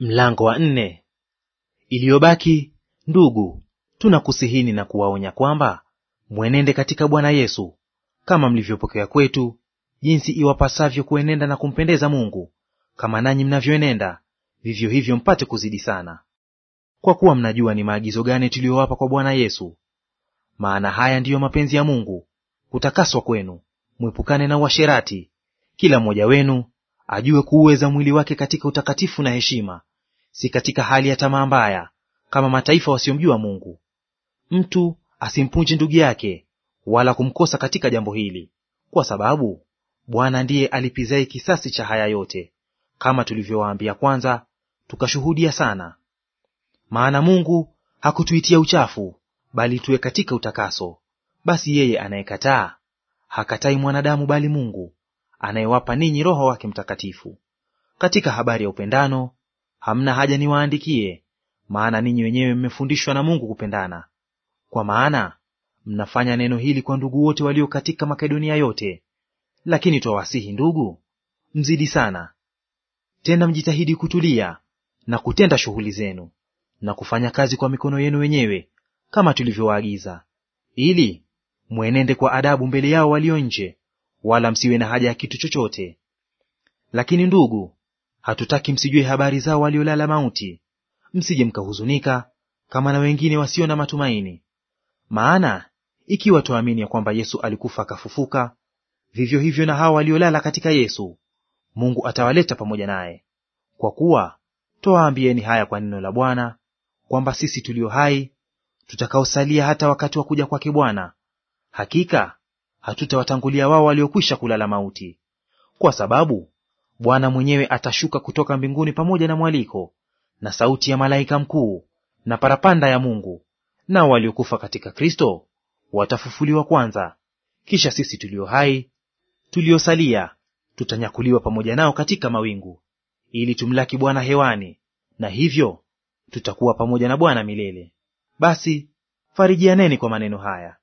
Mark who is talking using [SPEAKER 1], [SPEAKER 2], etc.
[SPEAKER 1] Mlango wa nne. Iliyobaki ndugu, tunakusihini na kuwaonya kwamba mwenende katika Bwana Yesu kama mlivyopokea kwetu, jinsi iwapasavyo kuenenda na kumpendeza Mungu; kama nanyi mnavyoenenda, vivyo hivyo mpate kuzidi sana. Kwa kuwa mnajua ni maagizo gani tuliyowapa kwa Bwana Yesu. Maana haya ndiyo mapenzi ya Mungu, kutakaswa kwenu, mwepukane na uasherati. Kila mmoja wenu ajue kuuweza mwili wake katika utakatifu na heshima, si katika hali ya tamaa mbaya, kama mataifa wasiomjua Mungu. Mtu asimpunje ndugu yake, wala kumkosa katika jambo hili, kwa sababu Bwana ndiye alipizaye kisasi cha haya yote, kama tulivyowaambia kwanza, tukashuhudia sana. Maana Mungu hakutuitia uchafu, bali tuwe katika utakaso. Basi yeye anayekataa hakatai mwanadamu, bali Mungu anayewapa ninyi Roho wake Mtakatifu. Katika habari ya upendano hamna haja niwaandikie, maana ninyi wenyewe mmefundishwa na Mungu kupendana. Kwa maana mnafanya neno hili kwa ndugu wote walio katika Makedonia yote. Lakini twawasihi ndugu, mzidi sana tena, mjitahidi kutulia na kutenda shughuli zenu na kufanya kazi kwa mikono yenu wenyewe kama tulivyowaagiza, ili mwenende kwa adabu mbele yao walio nje, wala msiwe na haja ya kitu chochote. Lakini ndugu, hatutaki msijue habari zao waliolala mauti, msije mkahuzunika kama na wengine wasio na matumaini. Maana ikiwa twaamini ya kwamba Yesu alikufa akafufuka, vivyo hivyo na hao waliolala katika Yesu Mungu atawaleta pamoja naye. Kwa kuwa twawaambieni haya kwa neno la Bwana, kwamba sisi tulio hai tutakaosalia hata wakati wa kuja kwake Bwana, hakika hatutawatangulia wao waliokwisha kulala mauti, kwa sababu Bwana mwenyewe atashuka kutoka mbinguni pamoja na mwaliko na sauti ya malaika mkuu na parapanda ya Mungu, nao waliokufa katika Kristo watafufuliwa kwanza. Kisha sisi tulio hai tuliosalia tutanyakuliwa pamoja nao katika mawingu, ili tumlaki Bwana hewani, na hivyo tutakuwa pamoja na Bwana milele. Basi farijianeni kwa maneno haya.